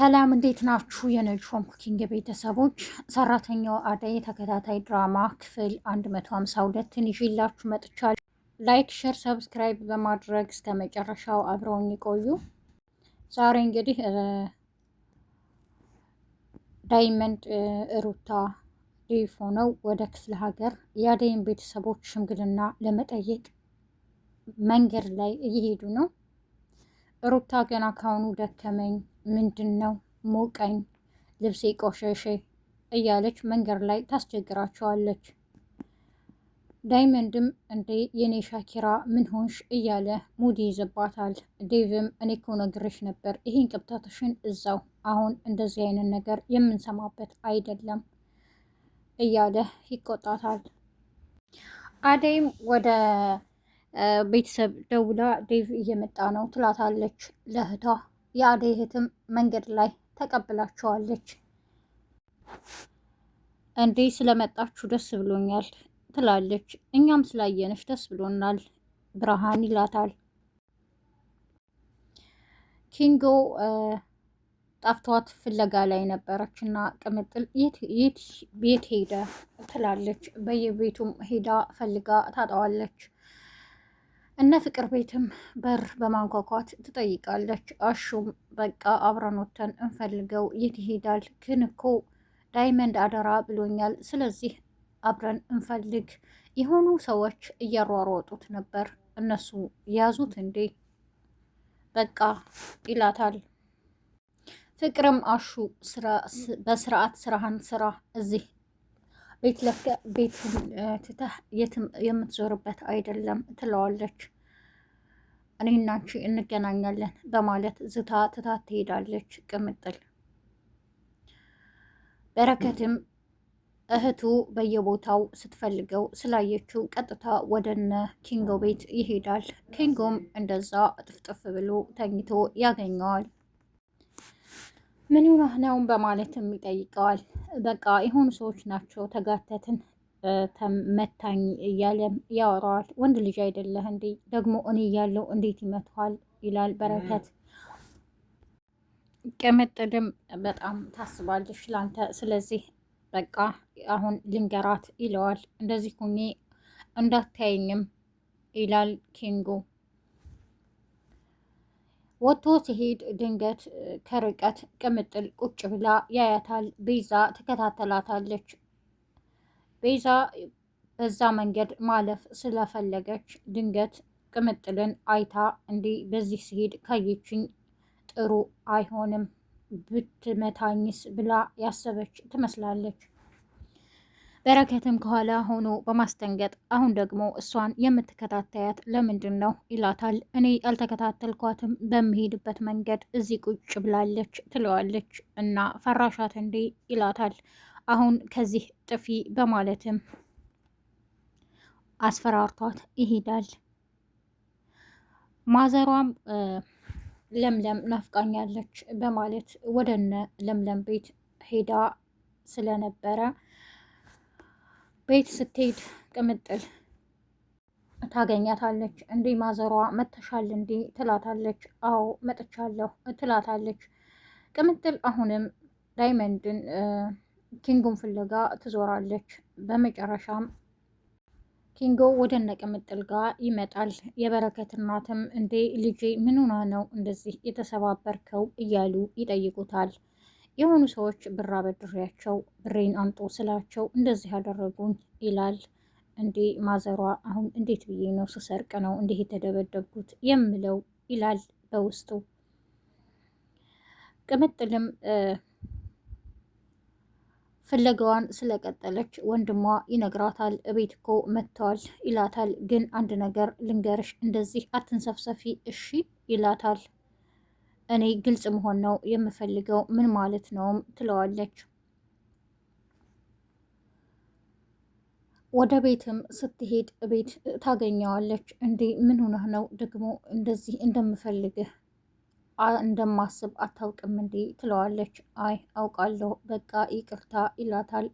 ሰላም እንዴት ናችሁ? የነጂ ኩኪንግ ቤተሰቦች ሰራተኛው አደይ ተከታታይ ድራማ ክፍል 152ን ይዤላችሁ መጥቻለሁ። ላይክ፣ ሼር፣ ሰብስክራይብ በማድረግ እስከ መጨረሻው አብረውን ይቆዩ። ዛሬ እንግዲህ ዳይመንድ ሩታ ሊፎ ነው ወደ ክፍለ ሀገር የአደይን ቤተሰቦች ሽምግልና ለመጠየቅ መንገድ ላይ እየሄዱ ነው። ሩታ ገና ካሁኑ ደከመኝ ምንድን ነው ሞቀኝ፣ ልብሴ ቆሸሼ እያለች መንገድ ላይ ታስቸግራቸዋለች። ዳይመንድም እንዴ የኔ ሻኪራ ምን ሆንሽ እያለ ሙድ ይዝባታል። ዴቭም እኔ እኮ ነግሬሽ ነበር ይሄን ቅብታትሽን እዛው፣ አሁን እንደዚህ አይነት ነገር የምንሰማበት አይደለም እያለ ይቆጣታል። አደይም ወደ ቤተሰብ ደውላ ዴቭ እየመጣ ነው ትላታለች ለእህቷ የአደይ እህትም መንገድ ላይ ተቀብላቸዋለች። እንዴ ስለመጣችሁ ደስ ብሎኛል ትላለች። እኛም ስላየነሽ ደስ ብሎናል ብርሃን ይላታል። ኪንጎ ጠፍቷት ፍለጋ ላይ ነበረች እና ቅምጥል የት ሄደ ትላለች። በየቤቱም ሄዳ ፈልጋ ታጣዋለች። እነ ፍቅር ቤትም በር በማንኳኳት ትጠይቃለች። አሹም በቃ አብረኖተን እንፈልገው የት ይሄዳል? ግን እኮ ዳይመንድ አደራ ብሎኛል። ስለዚህ አብረን እንፈልግ። የሆኑ ሰዎች እያሯሯጡት ነበር። እነሱ ያዙት እንዴ? በቃ ይላታል። ፍቅርም አሹ በስርዓት ስራህን ስራ እዚህ ቤት ለቀህ ቤት ትተህ የምትዞርበት አይደለም ትለዋለች። እኔ እና አንቺ እንገናኛለን በማለት ዝታ ትታ ትሄዳለች። ቅምጥል በረከትም እህቱ በየቦታው ስትፈልገው ስላየችው ቀጥታ ወደነ ኪንጎ ቤት ይሄዳል። ኪንጎም እንደዛ ጥፍጥፍ ብሎ ተኝቶ ያገኘዋል። ምን ሆነህ ነው በማለትም ይጠይቀዋል። በቃ የሆኑ ሰዎች ናቸው ተጋተትን መታኝ እያለም ያወራዋል። ወንድ ልጅ አይደለህ እንዴ ደግሞ እኔ እያለው እንዴት ይመታዋል ይላል በረከት። ቅምጥልም በጣም ታስባለች ላንተ፣ ስለዚህ በቃ አሁን ልንገራት ይለዋል። እንደዚህ ሁኜ እንዳታየኝም ይላል ኪንጎ ወጥቶ ሲሄድ ድንገት ከርቀት ቅምጥል ቁጭ ብላ ያያታል። ቤዛ ትከታተላታለች። ቤዛ በዛ መንገድ ማለፍ ስለፈለገች ድንገት ቅምጥልን አይታ እንዲህ በዚህ ሲሄድ ካየችኝ ጥሩ አይሆንም ብትመታኝስ ብላ ያሰበች ትመስላለች። በረከትም ከኋላ ሆኖ በማስደንገጥ አሁን ደግሞ እሷን የምትከታተያት ለምንድን ነው ይላታል። እኔ ያልተከታተልኳትም በምሄድበት መንገድ እዚህ ቁጭ ብላለች ትለዋለች። እና ፈራሻት እንዴ ይላታል። አሁን ከዚህ ጥፊ በማለትም አስፈራርቷት ይሄዳል። ማዘሯም ለምለም ናፍቃኛለች በማለት ወደነ ለምለም ቤት ሄዳ ስለነበረ ቤት ስትሄድ ቅምጥል ታገኛታለች። እንዴ ማዘሯ መተሻል እንዴ ትላታለች። አዎ መጥቻለሁ ትላታለች። ቅምጥል አሁንም ዳይመንድን ኪንጉን ፍለጋ ትዞራለች። በመጨረሻም ኪንጎ ወደ እነ ቅምጥል ጋር ይመጣል። የበረከት እናትም እንዴ ልጄ ምኑና ነው እንደዚህ የተሰባበርከው እያሉ ይጠይቁታል። የሆኑ ሰዎች ብር አበድሬያቸው ብሬን አምጡ ስላቸው እንደዚህ ያደረጉኝ ይላል። እንዴ ማዘሯ አሁን እንዴት ብዬ ነው ስሰርቅ ነው እንዲህ የተደበደብኩት የምለው ይላል በውስጡ። ቅምጥልም ፍለጋዋን ስለቀጠለች ወንድሟ ይነግራታል። እቤት እኮ መጥተዋል ይላታል። ግን አንድ ነገር ልንገርሽ፣ እንደዚህ አትንሰፍሰፊ እሺ ይላታል። እኔ ግልጽ መሆን ነው የምፈልገው፣ ምን ማለት ነውም ትለዋለች። ወደ ቤትም ስትሄድ ቤት ታገኘዋለች። እንዴ ምን ሆነህ ነው ደግሞ እንደዚህ እንደምፈልግህ እንደማስብ አታውቅም እንዴ? ትለዋለች። አይ አውቃለሁ፣ በቃ ይቅርታ ይላታል።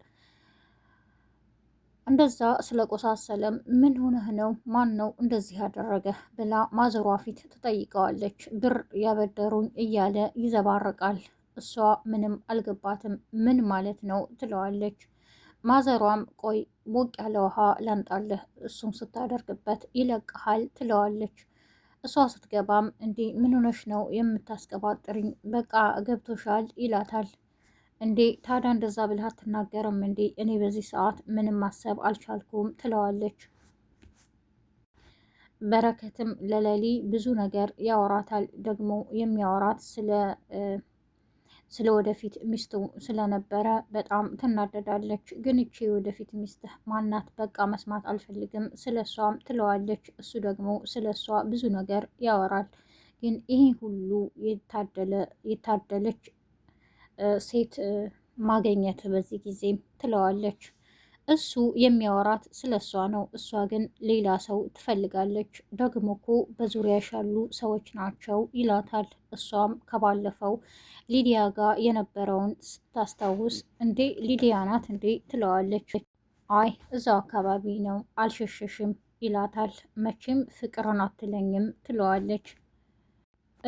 እንደዛ ስለቆሳሰለም ምን ሆነህ ነው? ማን ነው እንደዚህ ያደረገ? ብላ ማዘሯ ፊት ትጠይቀዋለች። ብር ያበደሩኝ እያለ ይዘባርቃል። እሷ ምንም አልገባትም። ምን ማለት ነው ትለዋለች። ማዘሯም ቆይ ሞቅ ያለ ውሃ ላምጣልህ፣ እሱም ስታደርግበት ይለቅሃል ትለዋለች። እሷ ስትገባም እንዲህ ምን ሆነሽ ነው የምታስቀባጥርኝ በቃ ገብቶሻል ይላታል። እንዴ ታዲያ እንደዛ ብልህ አትናገርም እንዴ? እኔ በዚህ ሰዓት ምንም ማሰብ አልቻልኩም ትለዋለች። በረከትም ለሌሊ ብዙ ነገር ያወራታል። ደግሞ የሚያወራት ስለ ስለ ወደፊት ሚስቱ ስለነበረ በጣም ትናደዳለች። ግን ይቺ የወደፊት ሚስትህ ማናት? በቃ መስማት አልፈልግም ስለ እሷም ትለዋለች። እሱ ደግሞ ስለ እሷ ብዙ ነገር ያወራል። ግን ይሄ ሁሉ የታደለች ሴት ማገኘት በዚህ ጊዜ ትለዋለች። እሱ የሚያወራት ስለ እሷ ነው። እሷ ግን ሌላ ሰው ትፈልጋለች። ደግሞ እኮ በዙሪያሽ ያሉ ሰዎች ናቸው ይላታል። እሷም ከባለፈው ሊዲያ ጋር የነበረውን ስታስታውስ እንዴ ሊዲያ ናት እንዴ ትለዋለች። አይ እዛው አካባቢ ነው አልሸሸሽም ይላታል። መቼም ፍቅርን አትለኝም ትለዋለች።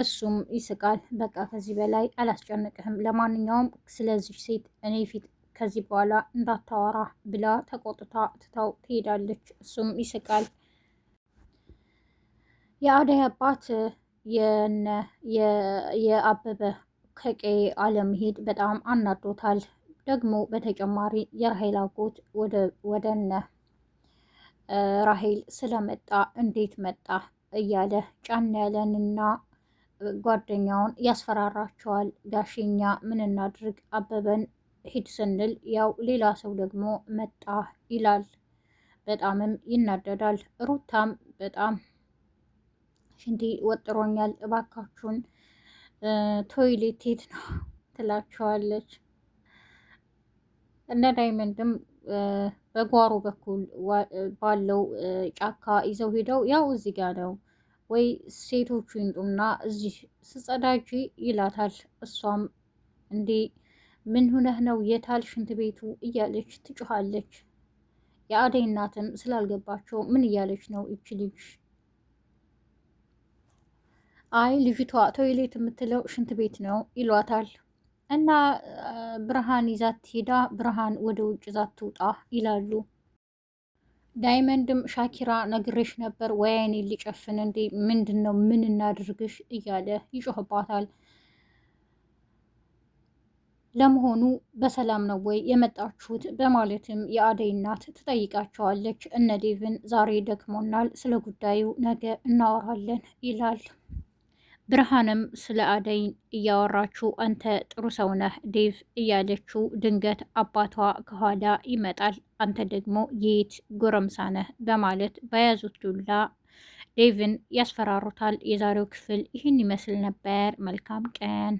እሱም ይስቃል። በቃ ከዚህ በላይ አላስጨንቅህም። ለማንኛውም ስለዚህ ሴት እኔ ፊት ከዚህ በኋላ እንዳታወራ ብላ ተቆጥታ ትታው ትሄዳለች። እሱም ይስቃል። የአደይ አባት የአበበ ከቄ አለመሄድ በጣም አናዶታል። ደግሞ በተጨማሪ የራሄል አጎት ወደነ ራሄል ስለመጣ እንዴት መጣ እያለ ጫና ያለንና ጓደኛውን ያስፈራራቸዋል። ጋሽኛ ምን እናድርግ አበበን ሂድ ስንል ያው ሌላ ሰው ደግሞ መጣ ይላል። በጣምም ይናደዳል። ሩታም በጣም ሽንቲ ወጥሮኛል፣ እባካችሁን ቶይሌት ሄድ ነው ትላቸዋለች። እነ ዳይመንድም በጓሮ በኩል ባለው ጫካ ይዘው ሄደው ያው እዚህ ጋ ነው ወይ ሴቶቹ ይንጡና እዚህ ስጸዳጅ ይላታል። እሷም እንዴ ምን ሁነህ ነው የታል ሽንት ቤቱ እያለች ትጮኻለች። የአደይ እናትም ስላልገባቸው ምን እያለች ነው ይቺ ልጅ? አይ ልጅቷ ቶይሌት የምትለው ሽንት ቤት ነው ይሏታል። እና ብርሃን ይዛት ሄዳ ብርሃን ወደ ውጭ ዛት ትውጣ ይላሉ። ዳይመንድም ሻኪራ ነግሬሽ ነበር ወይኔ ሊጨፍን እንዴ? ምንድን ነው ምን እናድርግሽ እያለ ይጮህባታል። ለመሆኑ በሰላም ነው ወይ የመጣችሁት? በማለትም የአደይ እናት ትጠይቃቸዋለች። እነ ዴቭን ዛሬ ደክሞናል፣ ስለ ጉዳዩ ነገ እናወራለን ይላል። ብርሃንም ስለ አደይ እያወራችሁ አንተ ጥሩ ሰው ነህ ዴቭ እያለችው ድንገት አባቷ ከኋላ ይመጣል። አንተ ደግሞ የት ጎረምሳ ነህ በማለት በያዙት ዱላ ዴቭን ያስፈራሩታል። የዛሬው ክፍል ይህን ይመስል ነበር። መልካም ቀን